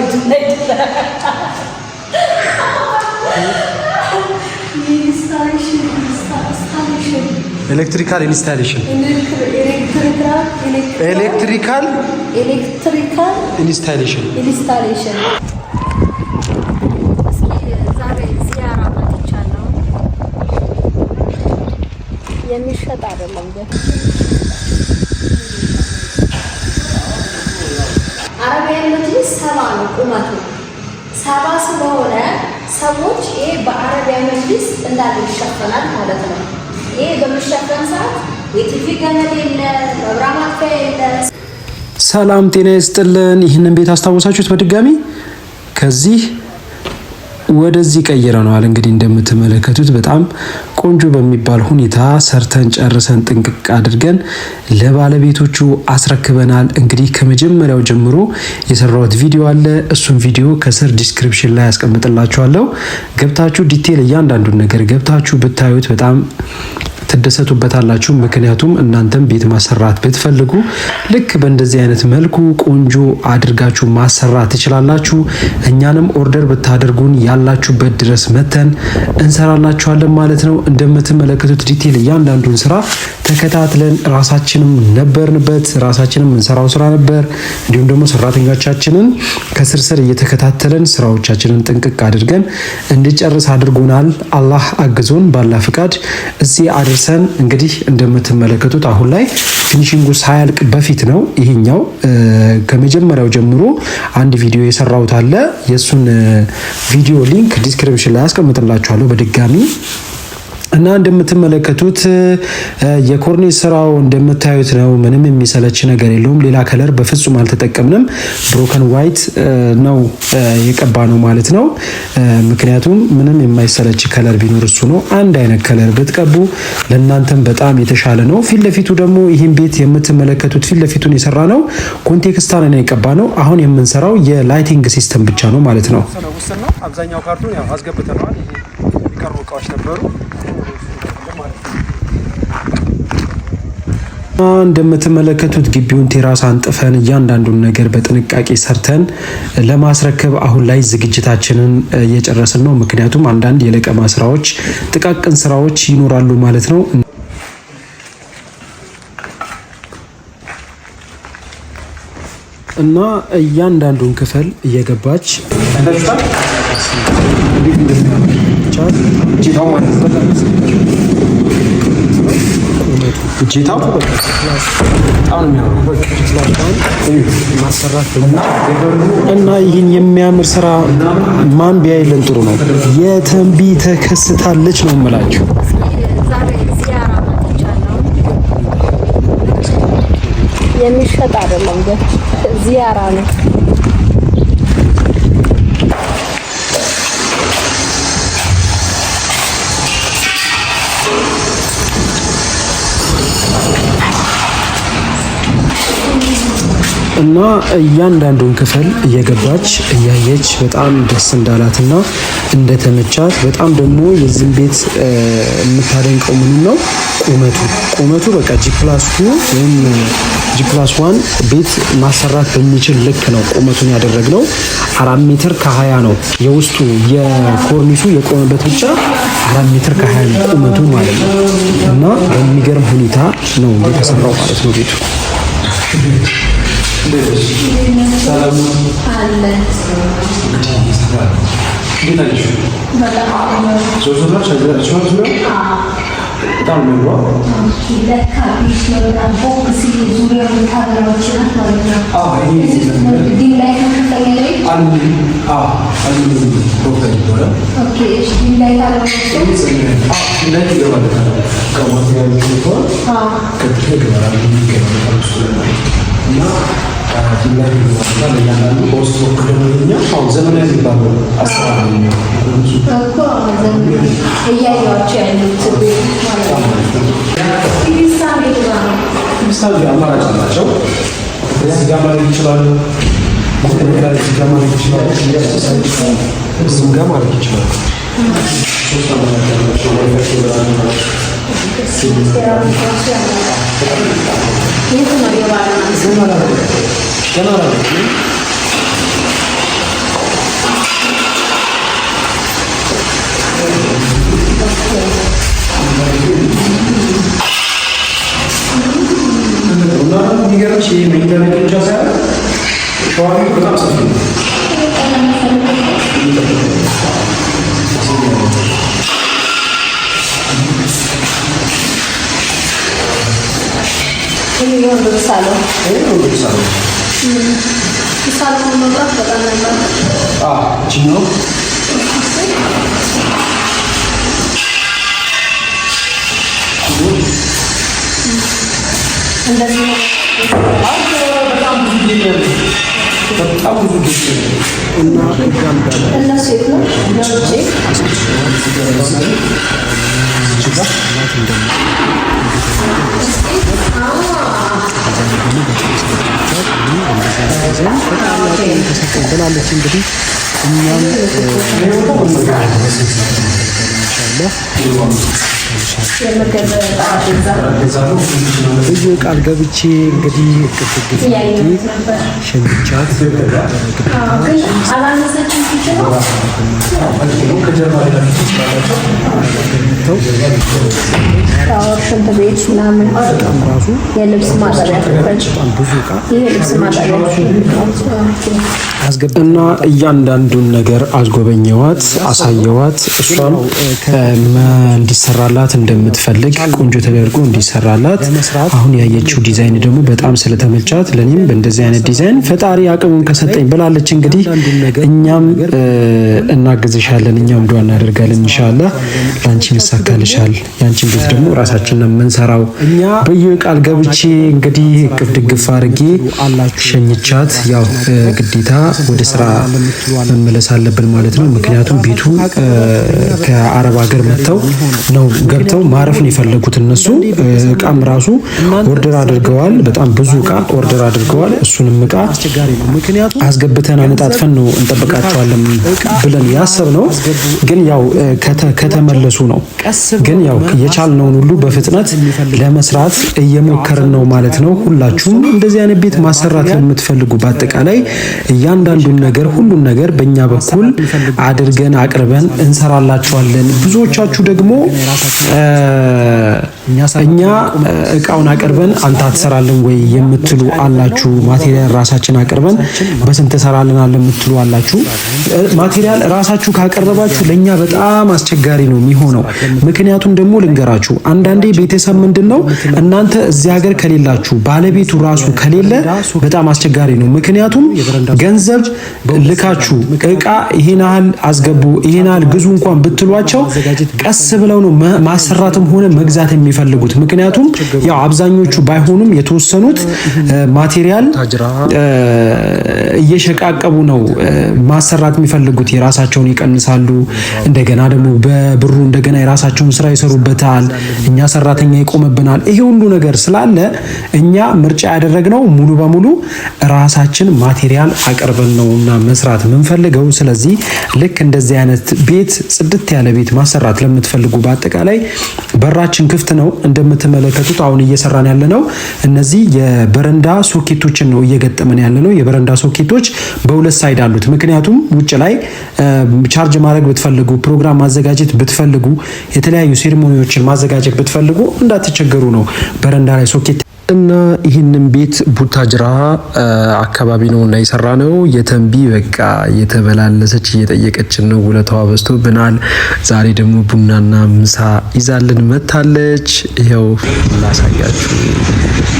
koydum ne güzel. Yenisterleşim, yenisterleşim. Elektrikal installation. Elektrikal, elektrikal, elektrikal installation. Installation. የሚሸጥ አይደለም ግን አረቢያን መጅሊስ ሰባ ነው ቁመቱ ሰባ ስለሆነ ሰዎች ይሄ በአረቢያ መጅሊስ እንዳለ ይሸፈናል ማለት ነው። ይሄ በሚሸፈን ሰዓት የቲቪ ገመድ የለ፣ መብራት ማጥፊያ የለ። ሰላም ጤና ይስጥልን። ይህንን ቤት አስታወሳችሁት? በድጋሚ ከዚህ ወደዚህ ቀይረነዋል። እንግዲህ እንደምትመለከቱት በጣም ቆንጆ በሚባል ሁኔታ ሰርተን ጨርሰን ጥንቅቅ አድርገን ለባለቤቶቹ አስረክበናል። እንግዲህ ከመጀመሪያው ጀምሮ የሰራሁት ቪዲዮ አለ። እሱን ቪዲዮ ከስር ዲስክሪፕሽን ላይ ያስቀምጥላችኋለሁ። ገብታችሁ ዲቴል እያንዳንዱን ነገር ገብታችሁ ብታዩት በጣም ትደሰቱበታላችሁ። ምክንያቱም እናንተም ቤት ማሰራት ብትፈልጉ ልክ በእንደዚህ አይነት መልኩ ቆንጆ አድርጋችሁ ማሰራት ትችላላችሁ። እኛንም ኦርደር ብታደርጉን ያላችሁበት ድረስ መተን እንሰራላችኋለን ማለት ነው። እንደምትመለከቱት ዲቴል እያንዳንዱን ስራ ተከታትለን ራሳችንም ነበርንበት፣ ራሳችንም እንሰራው ስራ ነበር። እንዲሁም ደግሞ ሰራተኞቻችንን ከስር ስር እየተከታተለን ስራዎቻችንን ጥንቅቅ አድርገን እንድጨርስ አድርጎናል። አላህ አግዞን ባላ ፍቃድ እዚህ አድርሰን እንግዲህ እንደምትመለከቱት አሁን ላይ ፊኒሽንጉ ሳያልቅ በፊት ነው። ይሄኛው ከመጀመሪያው ጀምሮ አንድ ቪዲዮ የሰራሁት አለ። የእሱን ቪዲዮ ሊንክ ዲስክሪፕሽን ላይ አስቀምጥላችኋለሁ በድጋሚ እና እንደምትመለከቱት የኮርኒስ ስራው እንደምታዩት ነው። ምንም የሚሰለች ነገር የለውም። ሌላ ከለር በፍጹም አልተጠቀምንም። ብሮከን ዋይት ነው የቀባ ነው ማለት ነው። ምክንያቱም ምንም የማይሰለች ከለር ቢኖር እሱ ነው። አንድ አይነት ከለር ብትቀቡ ለእናንተም በጣም የተሻለ ነው። ፊት ለፊቱ ደግሞ ይህን ቤት የምትመለከቱት ፊት ለፊቱን የሰራ ነው ኮንቴክስታን ነው የቀባ ነው። አሁን የምንሰራው የላይቲንግ ሲስተም ብቻ ነው ማለት ነው። አብዛኛው ካርቱን ያው አስገብተነዋል። የሚቀሩ እቃዎች ነበሩ እንደምትመለከቱት ግቢውን ቴራስ አንጥፈን እያንዳንዱን ነገር በጥንቃቄ ሰርተን ለማስረከብ አሁን ላይ ዝግጅታችንን እየጨረስን ነው። ምክንያቱም አንዳንድ የለቀማ ስራዎች፣ ጥቃቅን ስራዎች ይኖራሉ ማለት ነው። እና እያንዳንዱን ክፍል እየገባች ሰዓት እጀታው ማለት እና ይህን የሚያምር ስራ ማን ቢያይልን ጥሩ ነው። የተንቢ ተከስታለች ነው የምላችሁ። የሚሸጥ አይደለም፣ ዚያራ ነው እና እያንዳንዱን ክፍል እየገባች እያየች በጣም ደስ እንዳላትና እንደተመቻት በጣም ደግሞ የዚህም ቤት የምታደንቀው ምኑ ነው? ቁመቱ ቁመቱ በቃ ጂፕላስ ቱ ወይም ጂፕላስ ዋን ቤት ማሰራት በሚችል ልክ ነው ቁመቱን ያደረግነው። አራት ሜትር ከሀያ ነው የውስጡ የኮርኒሱ የቆመበት ብቻ አራት ሜትር ከሀያ ነው ቁመቱ ማለት ነው። እና በሚገርም ሁኔታ ነው የተሰራው ማለት ነው ቤቱ። እንዴት አለሽ? ዞርዞር ቸገር ቸገር ነው። በጣም ነው ነው ለካ ቢስ ነው በጣም ፎክስ ዙሪያ ታብራዎች ማለት ነው። አዎ ይሄ ዲን ላይ ከተፈለገ አንድ አዎ አንድ ፕሮፋይል ነው። ኦኬ እሺ ዲን ላይ ታብራዎች ላይ ይገባል። ከሞት ጋር ነው። አዎ ከትፈግራለሁ ይገባል። እና ዲላ ዩኒቨርሲቲ ለእያንዳንዱ በውስጥ ወክደኛ አሁን ዘመናዊ የሚባሉ አሰራር እያያቸው ያሉት ክሪስታል አማራጭ አላቸው። እዚጋ ማለት ይችላሉ፣ እዚጋ ማለት ይችላሉ፣ እዚጋ ማለት ይችላሉ። Bunlar arıyor. Bunlar arıyor. Bunlar diğer şeyi meydana geleceğiz ya. Şu an bir kadar satın. Thank you. Ano yung doon sa salon? Ano yung Hmm. Sa salon mo ba? Patanan ba? Ah, chino? Ang dami mo. Ay, ah, ang dami mo. Tahu begitu. Untuk gambar. Allah sih, Allah sih. ብዙ ቃል ገብቼ እንግዲህ ግፍግፍ ሸንቻት ግዴታ ሽንት ቤት ምናምን የልብስ ማጠቢያ እና እያንዳንዱን ነገር አስጎበኘዋት፣ አሳየዋት። እሷም እንዲሰራላት እንደምትፈልግ ቆንጆ ተደርጎ እንዲሰራላት አሁን ያየችው ዲዛይን ደግሞ በጣም ስለተመቻት ለእኔም በእንደዚህ አይነት ዲዛይን ፈጣሪ አቅሙን ከሰጠኝ ብላለች። እንግዲህ እኛም እናግዝሻለን፣ እኛም ዱዓ እናደርጋለን። ኢንሻአላህ ላንቺ ይሳካልሻል። ያንቺን ቤት ደግሞ ራሳችንን የምንሰራው በየ ቃል ገብቼ እንግዲህ እቅፍ ድግፍ አድርጌ ሸኝቻት፣ ያው ግዴታ ወደ ስራ መመለስ አለብን ማለት ነው። ምክንያቱም ቤቱ ከአረብ ሀገር መጥተው ነው ገብተው ማረፍ ነው የፈለጉት እነሱ። እቃም ራሱ ኦርደር አድርገዋል። በጣም ብዙ እቃ ኦርደር አድርገዋል። እሱንም እቃ አስገብተን አመጣጥፈን ነው እንጠብቃቸዋለን ብለን ነው። ግን ያው ከተመለሱ ነው። ግን ያው የቻልነውን ሁሉ በፍጥነት ለመስራት እየሞከርን ነው ማለት ነው። ሁላችሁም እንደዚህ አይነት ቤት ማሰራት የምትፈልጉ በአጠቃላይ እያንዳንዱን ነገር ሁሉን ነገር በእኛ በኩል አድርገን አቅርበን እንሰራላችኋለን። ብዙዎቻችሁ ደግሞ እኛ እቃውን አቅርበን አንተ አትሰራልን ወይ የምትሉ አላችሁ። ማቴሪያል ራሳችን አቅርበን በስንት ሰራልናል የምትሉ አላችሁ። ማቴሪያል ራሳችሁ ካቀረባችሁ ለእኛ በጣም አስቸጋሪ ነው የሚሆነው። ምክንያቱም ደግሞ ልንገራችሁ፣ አንዳንዴ ቤተሰብ ምንድን ነው እናንተ እዚህ ሀገር ከሌላችሁ ባለቤቱ ራሱ ከሌለ በጣም አስቸጋሪ ነው። ምክንያቱም ገንዘብ ልካችሁ እቃ ይሄን ያህል አስገቡ፣ ይሄን ያህል ግዙ እንኳን ብትሏቸው ቀስ ብለው ነው ማሰራትም ሆነ መግዛት የሚፈልጉት። ምክንያቱም ያው አብዛኞቹ ባይሆኑም የተወሰኑት ማቴሪያል እየሸቃቀቡ ነው ማሰራት የሚፈልጉት የራሳቸውን ይቀንሳሉ። እንደገና ደግሞ በብሩ እንደገና የራሳቸውን ስራ ይሰሩበታል። እኛ ሰራተኛ ይቆምብናል። ይሄ ሁሉ ነገር ስላለ እኛ ምርጫ ያደረግነው ሙሉ በሙሉ ራሳችን ማቴሪያል አቅርበን ነው እና መስራት የምንፈልገው። ስለዚህ ልክ እንደዚህ አይነት ቤት ጽድት ያለ ቤት ማሰራት ለምትፈልጉ በአጠቃላይ በራችን ክፍት ነው። እንደምትመለከቱት አሁን እየሰራን ያለ ነው። እነዚህ የበረንዳ ሶኬቶችን ነው እየገጠመን ያለ ነው። የበረንዳ ሶኬቶች በሁለት ሳይድ አሉት። ምክንያቱም ውጭ ውጭ ላይ ቻርጅ ማድረግ ብትፈልጉ፣ ፕሮግራም ማዘጋጀት ብትፈልጉ፣ የተለያዩ ሴሪሞኒዎችን ማዘጋጀት ብትፈልጉ እንዳትቸገሩ ነው። በረንዳ ላይ ሶኬት እና ይህንን ቤት ቡታጅራ አካባቢ ነው እና የሰራ ነው። የተንቢ በቃ የተበላለሰች እየጠየቀችን ነው። ውለታዋ በዝቶ ብናል። ዛሬ ደግሞ ቡናና ምሳ ይዛልን መታለች። ይኸው ላሳያችሁ።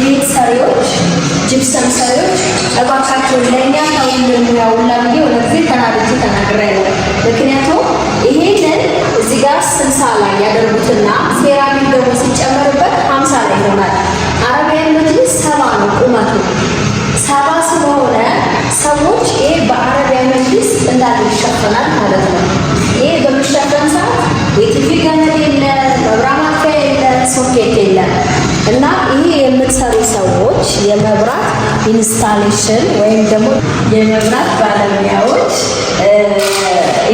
ቤት ሰሪዎች፣ ጅብሰም ሰሪዎች እባካቸውን ለእኛ ታውልን ያውላ ብዬ ሆነ ጊዜ ተናድጄ ተናግሬ ነው። ምክንያቱም ይሄንን እዚህ ጋር ስልሳ ላይ ያደርጉትና ሴራሚክ ደግሞ ሲጨመርበት ሀምሳ ላይ ይሆናል። አረቢያን መጅሊስ ሰባ ነው ቁመቱ ሰባ ስለሆነ ሰዎች ይሄ በአረቢያን መጅሊስ እንዳለ ይሸፈናል ማለት ነው። ሶኬት የለም እና ይሄ የምትሰሩ ሰዎች የመብራት ኢንስታሌሽን ወይም ደግሞ የመብራት ባለሙያዎች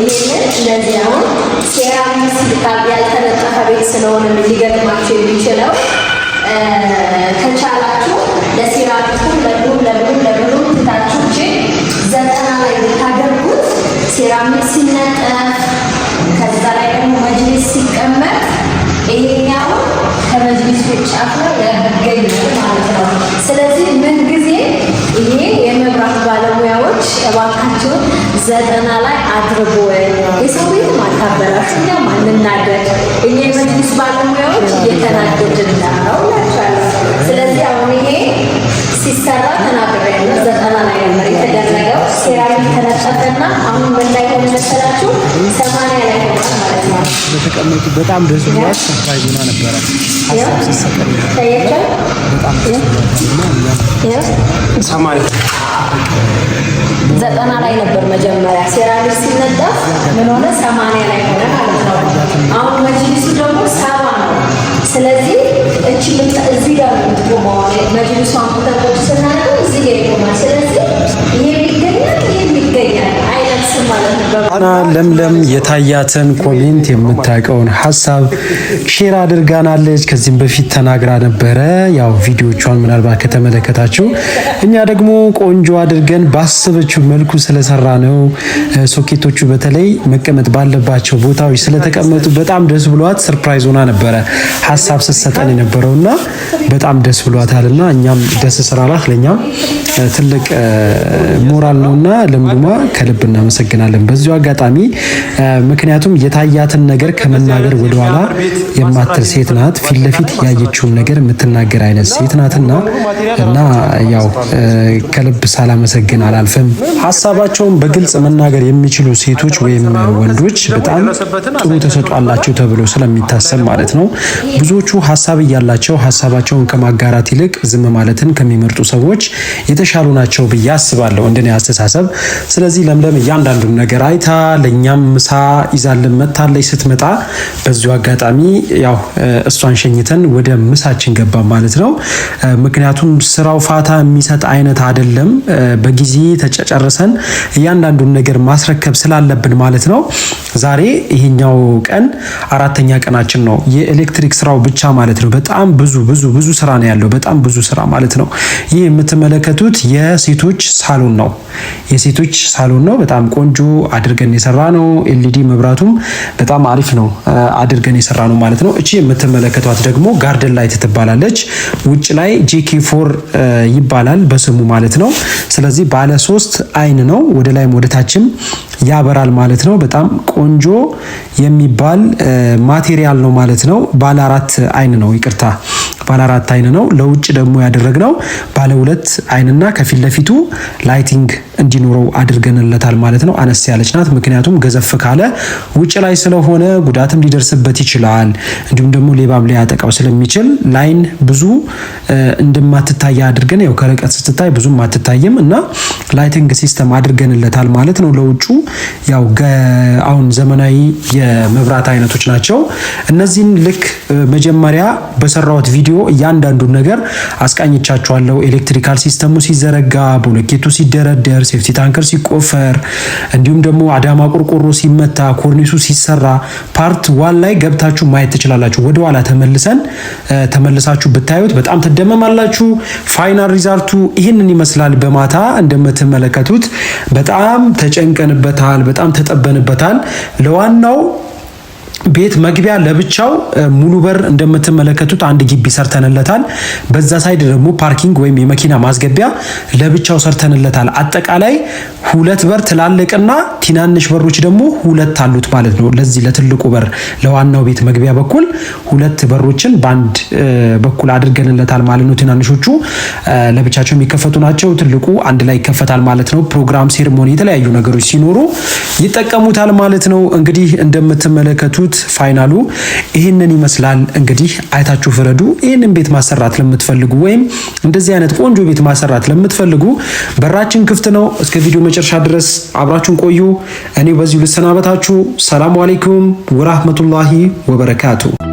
ይህንን እነዚህ አሁን ሴራሚክ ስልጣብ ያልተነጠፈ ቤት ስለሆነ ሊገጥማቸው የሚችለው ከቻላችሁ ለሴራሚኩ ለብሉም ለብሉም ለብሉም ትታችሁ ዘጠና ላይ ብታደርጉት ሴራሚክ ዘጠና ላይ አድርጎ የሰው ቤት ማታበራሽ እኛ ማንናደድ እኛ የመንግስት ባለሙያዎች እየተናደድን ነው ናቸዋለ። ስለዚህ አሁን ይሄ ሲሰራ ተናግሬ ዘጠና ላይ ነበር የተደረገው። ሴራሚ ተነጠፈና አሁን ምን ላይ ሆነ መሰላችሁ? ሰማንያ ላይ ሆነ ማለት ነው። ስትቀመጡ በጣም ደስ ብሏት ሰርፕራይዝ ሆና ነበረ። ዘጠና ላይ ነበር መጀመሪያ ሴራሚክ ሲነጠፍ ምን ሆነ ሰማንያ ላይ ሆነ ማለት ነው። አሁን መጅሊሱ ደግሞ ሰባ ነው። ስለዚህ እቺ እዚህ ጋር ምትቆመዋ መጅሊሱ አንተ ስናደርግ ለምለም የታያትን ኮሜንት የምታውቀውን ሀሳብ ሼር አድርጋናለች። ከዚህም በፊት ተናግራ ነበረ። ያው ቪዲዮቿን ምናልባት ከተመለከታችሁ እኛ ደግሞ ቆንጆ አድርገን ባሰበችው መልኩ ስለሰራ ነው። ሶኬቶቹ በተለይ መቀመጥ ባለባቸው ቦታዎች ስለተቀመጡ በጣም ደስ ብሏት ሰርፕራይዝ ሆና ነበረ ሀሳብ ስትሰጠን የነበረውና በጣም ደስ ብሏታልና እኛም ደስ ስራላህ ለእኛም ትልቅ ሞራል ነውና ለምልሟ ከልብ እናመሰግናለን። በዚሁ አጋጣሚ ምክንያቱም የታያትን ነገር ከመናገር ወደኋላ የማትል ሴት ናት። ፊት ለፊት ያየችውን ነገር የምትናገር አይነት ሴት ናትና እና ያው ከልብ ሳላመሰግን አላልፍም። ሀሳባቸውን በግልጽ መናገር የሚችሉ ሴቶች ወይም ወንዶች በጣም ጥሩ ተሰጥኦ አላቸው ተብሎ ስለሚታሰብ ማለት ነው። ብዙዎቹ ሀሳብ እያላቸው ሀሳባቸውን ከማጋራት ይልቅ ዝም ማለትን ከሚመርጡ ሰዎች የተሻሉ ናቸው ብዬ አስባለሁ፣ እንደኔ አስተሳሰብ። ስለዚህ ለምለም እያንዳንዱን ነገር አይታ ለእኛም ምሳ ይዛልን መታለች። ስትመጣ በዚሁ አጋጣሚ ያው እሷን ሸኝተን ወደ ምሳችን ገባ ማለት ነው። ምክንያቱም ስራው ፋታ የሚሰጥ አይነት አይደለም። በጊዜ ተጨጨርሰን እያንዳንዱን ነገር ማስረከብ ስላለብን ማለት ነው። ዛሬ ይሄኛው ቀን አራተኛ ቀናችን ነው። የኤሌክትሪክ ስራው ብቻ ማለት ነው። በጣም ብዙ ብዙ ብዙ ስራ ነው ያለው። በጣም ብዙ ስራ ማለት ነው። ይህ የምትመለ የምትመለከቱት የሴቶች ሳሎን ነው። የሴቶች ሳሎን ነው። በጣም ቆንጆ አድርገን የሰራ ነው። ኤልኢዲ መብራቱም በጣም አሪፍ ነው አድርገን የሰራ ነው ማለት ነው። እቺ የምትመለከቷት ደግሞ ጋርደን ላይት ትባላለች። ውጭ ላይ ጄኬ ፎር ይባላል በስሙ ማለት ነው። ስለዚህ ባለ ሶስት አይን ነው። ወደ ላይም ወደ ታችም ያበራል ማለት ነው። በጣም ቆንጆ የሚባል ማቴሪያል ነው ማለት ነው። ባለ አራት አይን ነው ይቅርታ ባለ አራት አይን ነው። ለውጭ ደግሞ ያደረግነው ባለ ሁለት አይንና ከፊት ለፊቱ ላይቲንግ እንዲኖረው አድርገንለታል ማለት ነው። አነስ ያለች ናት። ምክንያቱም ገዘፍ ካለ ውጭ ላይ ስለሆነ ጉዳትም ሊደርስበት ይችላል። እንዲሁም ደግሞ ሌባም ሊያጠቃው ስለሚችል ላይን ብዙ እንደማትታይ አድርገን ያው ከርቀት ስትታይ ብዙም አትታይም እና ላይቲንግ ሲስተም አድርገንለታል ማለት ነው። ለውጩ ያው አሁን ዘመናዊ የመብራት አይነቶች ናቸው። እነዚህን ልክ መጀመሪያ በሰራሁት ቪዲዮ እያንዳንዱን ነገር አስቃኝቻችኋለሁ። ኤሌክትሪካል ሲስተሙ ሲዘረጋ፣ ብሎኬቱ ሲደረደር፣ ሴፍቲ ታንከር ሲቆፈር፣ እንዲሁም ደግሞ አዳማ ቆርቆሮ ሲመታ፣ ኮርኒሱ ሲሰራ ፓርት ዋን ላይ ገብታችሁ ማየት ትችላላችሁ። ወደ ኋላ ተመልሰን ተመልሳችሁ ብታዩት በጣም ትደመማላችሁ። ፋይናል ሪዛልቱ ይህንን ይመስላል። በማታ እንደምትመለከቱት በጣም ተጨንቀንበታል፣ በጣም ተጠበንበታል። ለዋናው ቤት መግቢያ ለብቻው ሙሉ በር እንደምትመለከቱት አንድ ግቢ ሰርተንለታል። በዛ ሳይድ ደግሞ ፓርኪንግ ወይም የመኪና ማስገቢያ ለብቻው ሰርተንለታል። አጠቃላይ ሁለት በር ትላልቅና ትናንሽ በሮች ደግሞ ሁለት አሉት ማለት ነው። ለዚህ ለትልቁ በር ለዋናው ቤት መግቢያ በኩል ሁለት በሮችን በአንድ በኩል አድርገንለታል ማለት ነው። ትናንሾቹ ለብቻቸው የሚከፈቱ ናቸው። ትልቁ አንድ ላይ ይከፈታል ማለት ነው። ፕሮግራም፣ ሴርሞኒ፣ የተለያዩ ነገሮች ሲኖሩ ይጠቀሙታል ማለት ነው። እንግዲህ እንደምትመለከቱት የምትሉት ፋይናሉ ይህንን ይመስላል። እንግዲህ አይታችሁ ፍረዱ። ይህንን ቤት ማሰራት ለምትፈልጉ ወይም እንደዚህ አይነት ቆንጆ ቤት ማሰራት ለምትፈልጉ በራችን ክፍት ነው። እስከ ቪዲዮ መጨረሻ ድረስ አብራችሁን ቆዩ። እኔ በዚሁ ልሰናበታችሁ። ሰላም አለይኩም ወራህመቱላሂ ወበረካቱ።